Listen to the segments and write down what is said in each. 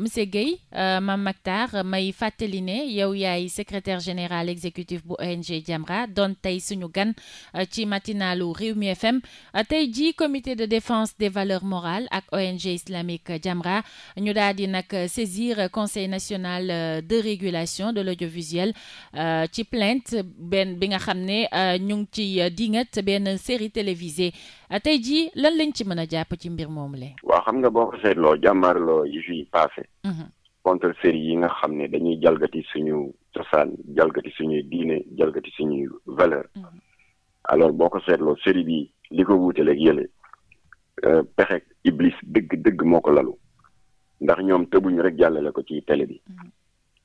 monsieur Guèye euh, Mame Mactar may fàttali ne yow yaay secrétaire général exécutif bu ONG Jamra doon tey suñu gan euh, ci matinalu Rewmi FM euh, tey ji comité de défense de valeurs morales ak ONG islamique Jamra ñu daal di nag saisir conseil national de régulation de l'audiovisuel ci plainte benn bi nga xam ne ñu ngi ci dingat benn série télévisée Euh, tey jii lan lañ ci mën a jàpp ci mbir moomu lee waa xam nga boo ko seetloo jàmmaarloo yi fi passé mhm. contre série yi nga xam ne dañuy jalgati suñu cosaan jalgati suñuy diine jalgati suñuy valeur mhm. alors boo ko seetloo série bi li ko wuutale ak yële euh, pexe iblis dëgg dëgg moo ko lalu ndax ñoom tëbuñu rek jàllale ko ci télé bi mhm.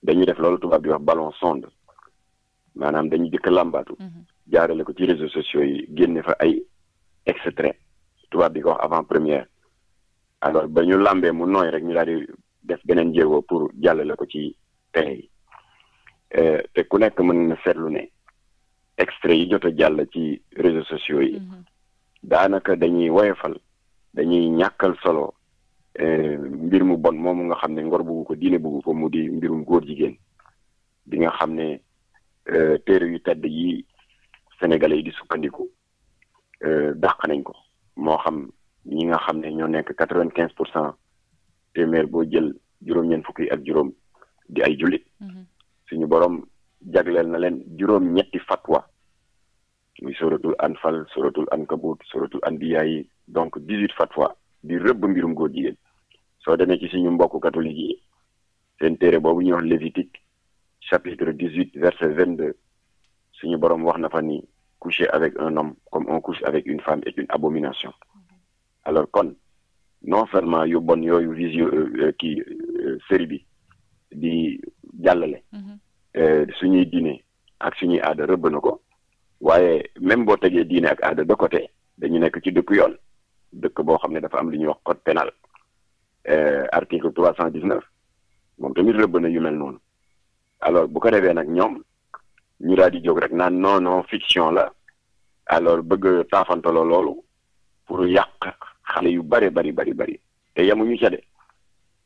dañuy def loolu tubaab di wax ballon sonde maanaam dañu jëkk làmbaatu jaarale ko ci réseaux sociaux yi génne fa ay extrait tubaab di wax avant première alors ba ñu làmbee mu nooy rek ñu daal di def beneen jéego pour jàllale ko ci télé yi euh, te ku nekk mën na seetlu ne extrait yi jot a jàll ci réseaux sociaux yi mm-hmm. daanaka dañuy woyefal dañuy ñàkkal solo euh, mbir mu bon moomu nga xam ne ngor buggu ko diine buggu ko mu di mbirum góor jigéen dinga xam ne euh, téere yu tedd yi sénégale yi di sukkandiku Euh, dàq nañ ko moo xam ñi nga xam ne ñoo nekk quatre vingt quinze pour cent téeméer boo jël juróom-ñeent fukki ak juróom di ay jullit mm-hmm. suñu borom jagleel na leen juróom ñetti fatwa muy suratul anfal suratul ankabut suratul anbiya yi donc dix huit fatwa di rëbb mbirum góor jigéen soo demee ci suñu mbokk catholique yi seen téere boobu ñuy wax lévitique chapitre dix huit verset vingt deux suñu borom wax na fa ni coucher avec un homme comme on couche avec une femme est une abomination alors kon non seulement yu bon yooyu visio euh, euh, kii euh, série bi di jàllale mhm. suñuy diine ak suñuy aada rëbb na ko waaye même boo tegee diine ak aada de côté dañu nekk ci dëkk yoon dëkk boo xam ne dafa am lu ñuy wax code pénal article trois cent dix-neuf moom tamit rëbb na yu mel noonu alors bu ko defee nag ñoom ñu daal di jóg rek naan non non fiction la alors bëgg taafantaloo loolu pour yàq xale yu bare bari bari bari te yemuñu ca de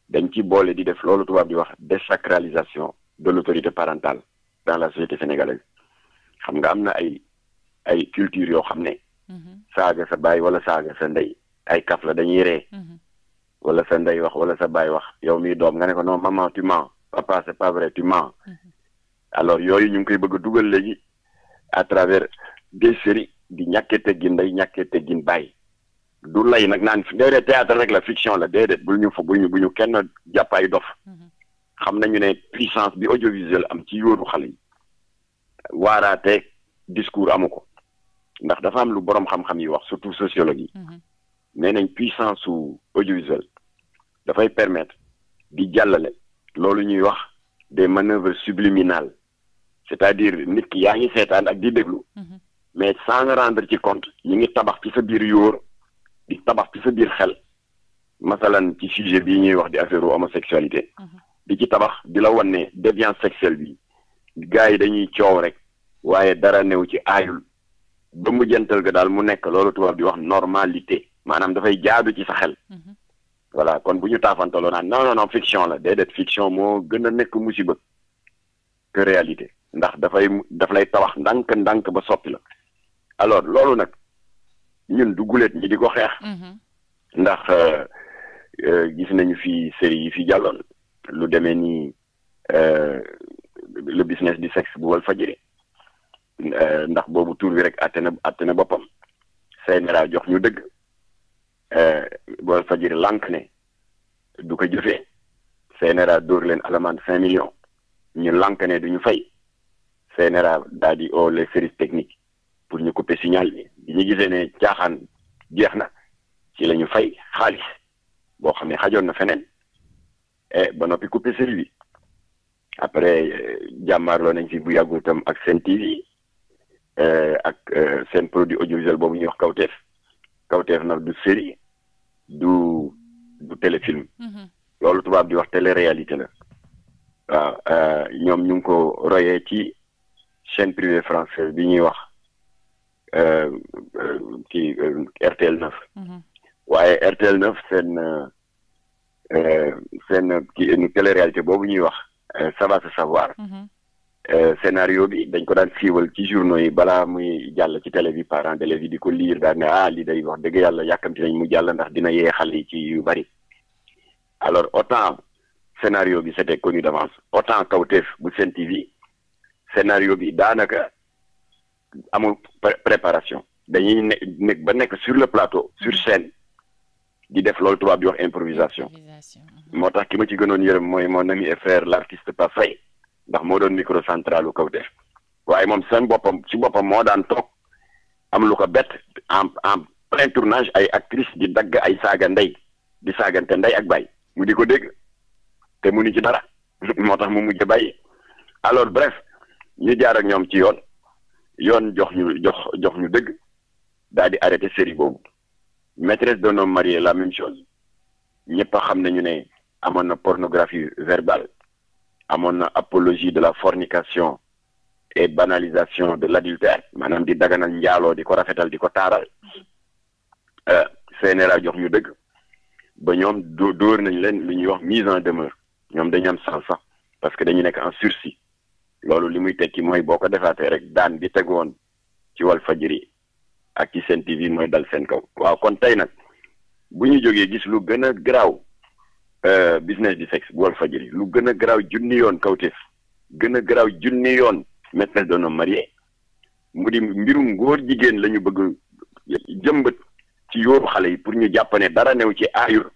dañ ci boole di def loolu tubaab di wax désacralisation de l'autorité parentale dans la société sénégalaise xam nga am na ay ay culture yoo xam ne mhm. saaga sa baay wala saaga sa ndey ay kaf la dañuy ree mhm. wala sa ndey wax wala sa baay wax yow mii doom nga ne ko non maman tu papa c'est pas vrai mhm. alors yooyu ñu ngi koy bëgg dugal léegi à travers des séries di ñàkkee teggin day ñàkkee teggin bàyyi du lay nag naan déedéet théâtre rek la fiction la déedéet bu ñu fa bul ñu bu ñu kenn jàppaay dof mm-hmm. xam nañu ne puissance bi audiovisuel am ci yóoru xale yi waaraate discours amu ko ndax dafa am lu boroom xam-xam yi wax surtout sociologue yi mm-hmm. nee nañ puissance su audiovisuel dafay permettre di jàllale loolu ñuy wax des manœuvres subliminales c'est-à-dire nit ki yaa ngi seetaan ak di déglu mm-hmm. mais sans rendre ci compte ñu ngi tabax ci sa biir yóor di tabax ci sa biir xel masalan ci sujet bii ñuy wax di affaire homosexualité mhm. di ci tabax di la won ne déviance sexuelle bi gars yi dañuy coow rek waaye dara new ci aayul ba mu jëntal ga daal mu nekk loolu tubaab di wax normalité maanaam dafay jaadu ci sa xel mhm. voilà kon bu ñu taafantaloo naan non non non fiction la déedéet fiction moo gën a nekk musiba que réalité ndax dafay daf lay tabax ndànk ndànk ba soppi la alors loolu nag ñun du guleet ñi di ko xeex. Mhm. ndax euh, euh, gis nañu fi série yi fi jàlloon lu demee ni euh, le business di sexe bu wal fajiri ndax boobu tur bi rek àtte na àtte na boppam CNRA jox ñu dëgg wal fajiri lank ne du ko jëfee CNRA dóor leen alamande cinq millions ñu lànk ne du ñu fay CNRA daal di au les services techniques pour ñu couper signal bi ñu gisee ne caaxaan jeex na ci la ñu fay xaalis boo xam ne xajoon na feneen eh, ba noppi couper service bi après euh, jàmmaarloo nañ fi bu yàggul tam ak seen TV euh, ak euh, seen produit audiovisuel boobu ñuy wax kawteef kawteef nag du série du du téléfilm mhm. loolu tubaab di wax téléréalité la waaw ñoom ñu ngi ko royee ci chaîne privée française bi ñuy wax ci RTL 9. waaye RTL 9 seen euh, euh, seen kii téléréalité boobu ñuy wax euh, ça va se savoir. Mhm. scénario bi dañ ko daan siiwal ci journaux yi balaa muy jàll ci télé bi parents d'élèves yi di ko liir daan ne ah lii day wax dëgg yàlla yàkkamti nañ mu jàll ndax dina yee xale yi ci yu bari alors autant scénario bi c'était connu d'avance autant kawteef bu Sen TV scénario bi daanaka. amul préparation dañuy ne nekk ba nekk sur le plateau sur mm-hmm. scène di def loolu tubaab di wax improvisation mm-hmm. moo tax ki ma ci gënoon yërëm mooy moo ami et frère l' artiste Pa Faye ndax moo doon micro centralu kaw def waaye moom seen boppam si boppam moo daan toog am lu ko bett en en plein tournage ay actrice di dagg ay saaga ndey di saagante ndey ak bàyyi mu di ko dégg te mu ni ci dara moo tax mu mujj bàyyi alors bref ñu jaar ak ñoom ci yoon yoon jox ñu jox jox ñu dëgg daal di arrêté série boobu maîtresse d'un homme marié la même chose ñëpp a xam nañu ne amoon na pornographie verbal amoon na apologie de la fornication et banalisation de l'adultère maanaam di daganal njaaloo di ko rafetal di ko taaral euh, CNRA jox ñu dëgg ba ñoom dóor nañ leen lu ñuy wax mise en demeure ñoom dañu am sens sax parce que dañu nekk en sursis loolu li muy tekki mooy boo ko defaatee rek daan bi tegu woon ci wall fajiri ak ci seen TV mooy dal seen kaw. waaw kon tey nag bu ñu jógee gis lu gën a garaaw euh, business di sexe bu wal fajiri lu gën a garaaw junni yoon kawteef gën a garaaw junni yoon maîtresse d'un homme marié mu di mbirum góor jigéen la ñu bëgg jëmbat ci yóoru xale yi pour ñu jàpp ne dara new ci aayur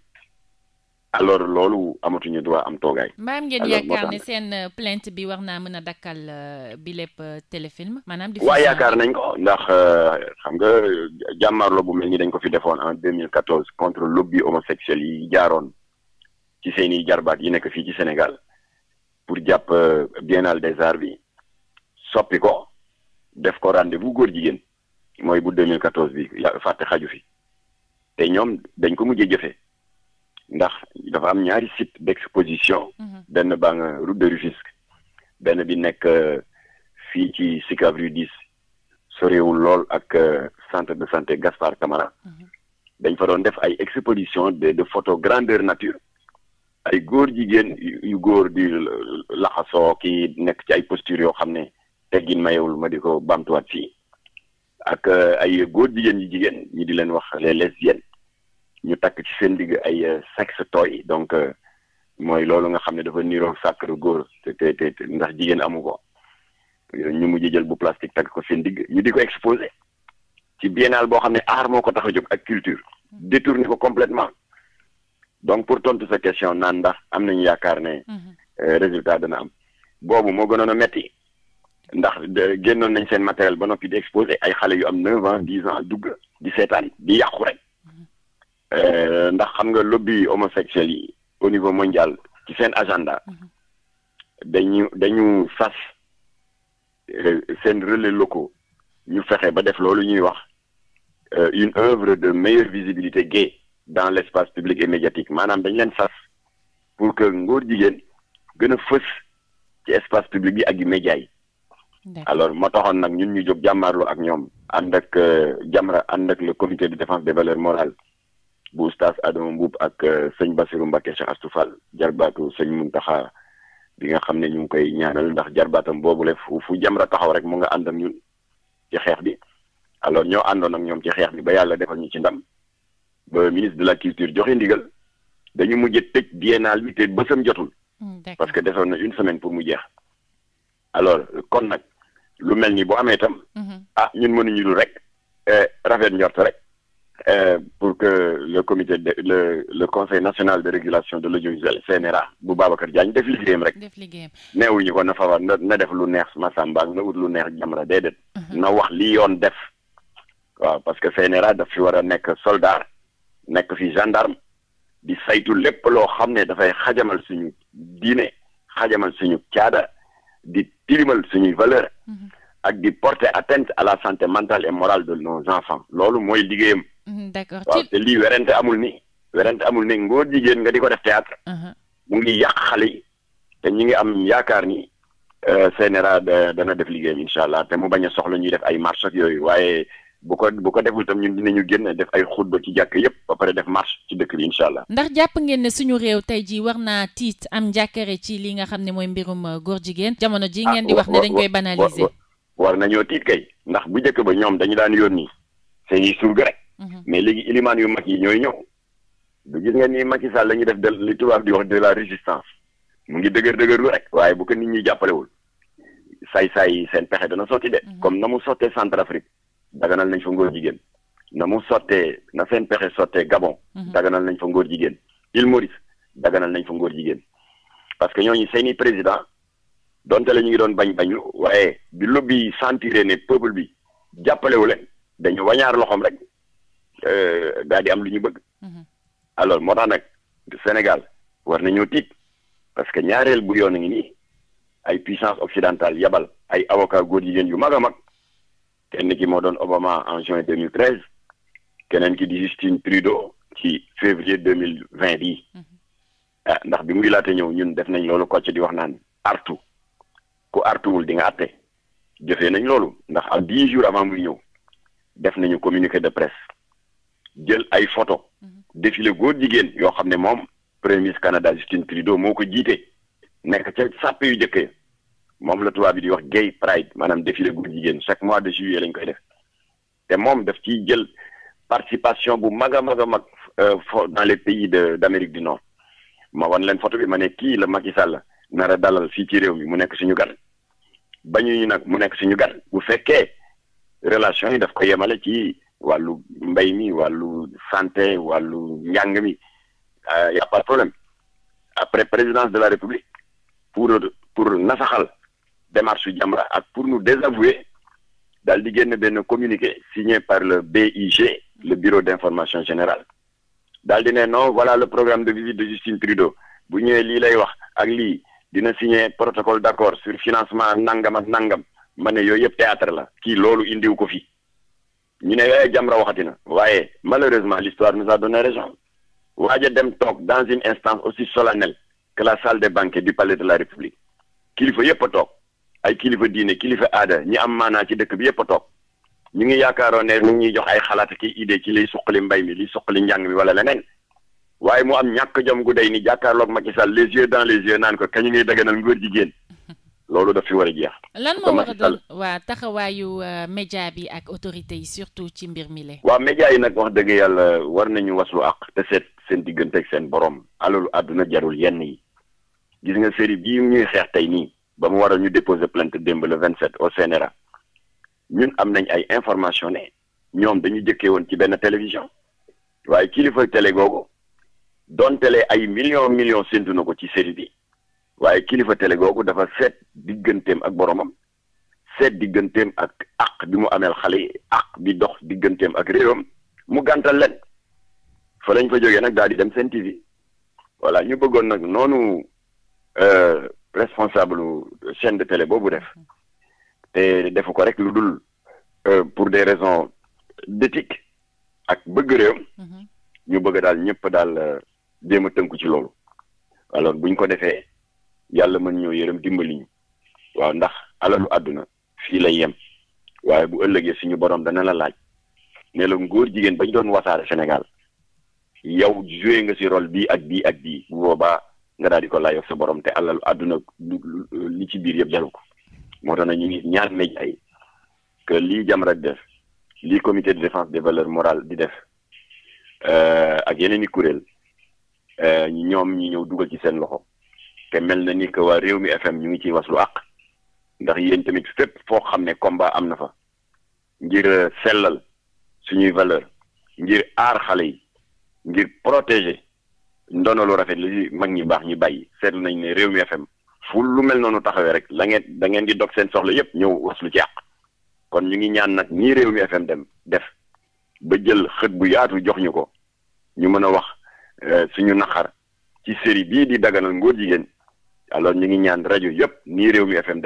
alors loolu amatuñu droit am toogaay. mbaam ngeen yaakaar ne seen euh, plainte bi wax naa mën a dakkal euh, bi lépp euh, téléfilm maanaam. waaw yaakaar nañ ko ndax xam nga jàmmarloo bu mel ni dañ ko fi defoon en 2014 contre lobby homosexuel yi jaaroon ci seeni jarbaat yi nekk fii ci Sénégal pour jàpp biennale des arts bi soppi ko def ko rendez-vous góor jigéen mooy bu 2014 bi fàtte xaju fi te ñoom dañ ko mujjee jëfee. ndax dafa am ñaari sit d'exposition. Mhm. benn baa nga route de Rufisque. benn bi nekk euh, fii ci Sicap Rue 10 sorewul lool ak euh, centre de santé Gaspard Camara. Mhm. dañ fa doon def ay exposition de de photo grandeur nature. ay góor jigéen yu góor di laxasoo ki nekk ci ay posture yoo xam ne teggin mayewul ma di ko bamtuwaat fii. ak euh, ay góor jigéen yu jigéen ñi di leen wax les lesbiennes. ñu takk ci seen digg ay euh, sexe toy donc euh, mooy loolu nga xam ne dafa niroog sàkkaru góor te te te ndax jigéen amu ko euh, ñu mujj jël bu plastique takk ko seen digg ñu di ko exposé ci biennale boo xam ne aar moo ko tax a jóg ak culture mm-hmm. détourné ko complètement donc pour tontu sa question naan ndax am nañu yaakaar ne mm-hmm. résultat dana am boobu moo gënoon a metti ndax génnoon nañ seen matériel ba noppi di exposé ay xale yu am neuf ans dix ans dugg di seetaan di yàqu rek Euh, ndax xam nga lobby homosexuel yi au niveau mondial ci seen agenda dañu dañu sas euh, seen relais locaux ñu fexe ba def loolu ñuy wax euh, une œuvre de meilleure visibilité gay dans l'espace public et médiatique maanaam dañ leen sas pour que ngóor jigéen gën a fës ci espace public bi ak yu média yi alors moo taxoon nag ñu ñu jog jàmmaarloo ak ñoom ànd ak Jamra ànd ak le comité de défense des valeurs morales bu oustaz Adama Mboup ak euh, sëñ Bassirou Mbacké Cheikh Astou Fall jarbaatu sëñ Muntaxa bi nga xam ne ñu ngi koy ñaanal ndax jarbaatam boobule fu fu Jamra taxaw rek mu nga ànd ak ñun ci xeex bi alors ñoo àndoon ak ñoom ci xeex bi ba yàlla defal ñu ci ndam ba ministre de la culture joxe ndigal dañu mujj tëj biennale bi te bësam jotul. Hmm, parce que defoon na une semaine pour mu jeex. alors kon nag lu mel ni boo amee itam. Hmm, hmm. ah ñun mënuñu dul rek eh, rafet njort rek. euh, pour que le comité de le le conseil national de régulation de l'audiovisuel CNRA bu Babacar Diagne def liggéeyam rek. def liggéeyam neewuñu ko na fa na na def lu neex Massamba na ut lu neex Jamra déedéet. Mhm. na wax li yoon def. waaw parce que CNRA daf fi war a nekk soldaar nekk fi gendarme di saytu lépp loo xam ne dafay xajamal suñu diine xajamal suñu caada di tilimal suñuy valeur mhm. ak di porter atteinte à la santé mentale et morale de nos enfants loolu mooy liggéeyam. Mhm, d'accord waaw te lii werante amul ni werante amul ni ngóor jigéen nga di ko def théâtre uh-huh. mu ngi yàq xale yi te ñi ngi am yaakaar ni euh, CNRA dana def liggéeyam incha allah te mu bañ a soxla ñuy def ay marche yooyu waaye bu ko bu ko deful tam ñu ñun ñu génn def ay ba ci jàkk yépp ba pare def marche ci dëkk bi incha allah. ndax jàpp ngeen ne suñu réew tey ji war naa tiit am njàkkare ci li nga xam ne mooy mbirum euh, góor jigéen. jamono ji ngeen di ah, wax ne dañ koy banaliser war nañoo tiit kay. ndax bu njëkk ba ñoom dañu daan yónni seen i surga rek. Mhm. mais léegi ilimaan yu mag yi ñooy ñëw. du gis nga ni Macky Sall la ñuy def de li tubaab di wax de la résistance mu ngi dëgër dëgërlu rek waaye bu ko nit ñi jàppalewul saay-saay yi seen pexe dana sotti de. Mhm. comme na mu sottee Centrafrique daganal nañ fa ngóor jigéen na mu sottee na seen pexe sottee Gabon mhm. daganal nañ fa ngóor jigéen Île Maurice daganal nañ fa ngóor jigéen parce que ñooñu seeni président donte la ñu ngi doon bañ bañlu waaye bi lobby sentiré ne peuple bi jàppalewu leen dañu wañaar loxoom rek Euh, daal am lu ñu bëgg. Mhm. alors moo tax nag Sénégal war nañoo tiit parce que ñaareel bu yoon a ngi nii ay puissance occidentale yabal ay avocat góor jigéen yu mag a mag kenn ki moo doon Obama en juin 2013 keneen ki di Justin Trudeau ci février 2020 bii mhm. ah ndax bi muy laata ñëw ñun def nañ loolu kocc di wax naan artu ku artuwul di nga atte jëfee nañ loolu ndax à dix jours avant muy ñëw def nañu communiqué de presse jël ay photo mhm. défilé góor jigéen yoo xam ne moom premier ministre Canada Justin Trudeau moo ko jiite nekk ca sàppe yu njëkk moom la tubaab bi di wax gay pride maanaam défilé góor jigéen chaque mois de juillet lañ koy def te moom def ciy jël participation bu mag a mag a mag euh, dans les pays de d' Amérique du Nord ma wan leen photo bi ma ne kii la Macky Sall nar a dalal fii ci réew mi mu nekk suñu gan bañuñu nag mu nekk suñu gan bu fekkee relation yi daf ko yemale ci wàllu mbay mi wàllu santé wàllu njàng mi euh, y a pas de problème après présidence de la république pour pour nasaxal démarche su Jamra ak pour nous désavouer daal di génn benn communiqué signé par le g le bureau d'information général daal di ne non voilà le programme de visite de Justin Trudeau bu ñëwee lii lay wax ak lii dina signé protocole d'accord sur financement nangam ak nangam ma ne yooyu yëpp théâtre la kii loolu indiw ko fi ñu ne waaye eh, Jamra waxati na waaye malheureusement l'histoire nous a donné raison waaj a dem toog dans une instance aussi solennelle que la salle des banquets du palais de la république kilifa yëpp a toog ay kilifa diine kilifa aada ñi am maanaa ci dëkk bi yëpp toog ñu ngi yaakaaroon ne ñu ngi ñuy jox ay xalaat ak idée ci liy suqali mbay mi liy suqali njàng mi wala leneen waaye mu am ñàkk jom gu dey ni jàkkaarloog Macky Sall les yeux dans les yeux naan ko kañu ngay daganal jigéen loolu daf war a jeex. lan moo war a doon waa taxawaayu euh, média bi ak autorité yi surtout ci mbir mi la. waa média yi nag wax dëgg yàlla war nañu waslu ak te seet seen diggante ak seen borom alalu àdduna jarul yenn yi gis nga série bi ñuy xeex tey nii ba mu war a ñu déposer plainte démb le 27 au CNRA ñun am nañ ay information ne ñoom dañu jëkkee woon ci benn télévision waaye kilifa tele googu doon télé ay millions millions séntu na ko ci série bi. waaye kilifa télé googu dafa seet digganteem ak boromam seet digganteem ak àq bi mu ameel xale yi àq bi dox digganteem ak réewam mu gàntal leen fa lañ fa jógee nag daal di dem seen TV voilà ñu bëggoon nag noonu euh, responsable chaîne de télé boobu def te defu ko rek lu dul euh, pour des raisons d'éthique ak bëgg réew mm-hmm. ñu bëgg daal ñëpp daal euh, jéem a tënku ci loolu alors buñ ko defee yàlla mën ñëw yërëm dimbali ñu waaw ndax alalu àdduna fii lay yem waaye bu ëllëgee suñu borom dana la laaj ne la ngóor jigéen bañ doon wasaare Sénégal yow joué nga si rôle bii ak bii ak bii bu boobaa nga daal di ko laaj ak sa borom te alalu àdduna li ci biir yëpp jaru ko moo tax na ñu ngi ñaan méj ay que lii rek def lii comité de défense des valeurs di def euh, ak yeneen i kuréel ñi euh, ñoom ñi ñëw dugal ci seen loxo mel na ni que waa réew mi FM ñu ngi ciy waslu àq ndax yéen tamit fépp foo xam ne combat am na fa ngir euh, sellal suñuy valeur ngir aar xale yi ngir protéger ndono lu rafet li mag ñi baax ñi bàyyi seetlu nañ ne réew mi FM fu lu mel noonu taxawee rek la ngeen da ngeen di dog seen soxla yépp ñëw waslu ci àq kon ñu ngi ñaan nag ñii réew mi FM dem def ba jël xët bu yaatu jox ñu ko ñu mën a wax euh, suñu naqar ci série bii di daganal ngóor jigéen alors ñu ngi ñaan rajo yëpp nii réew mi FM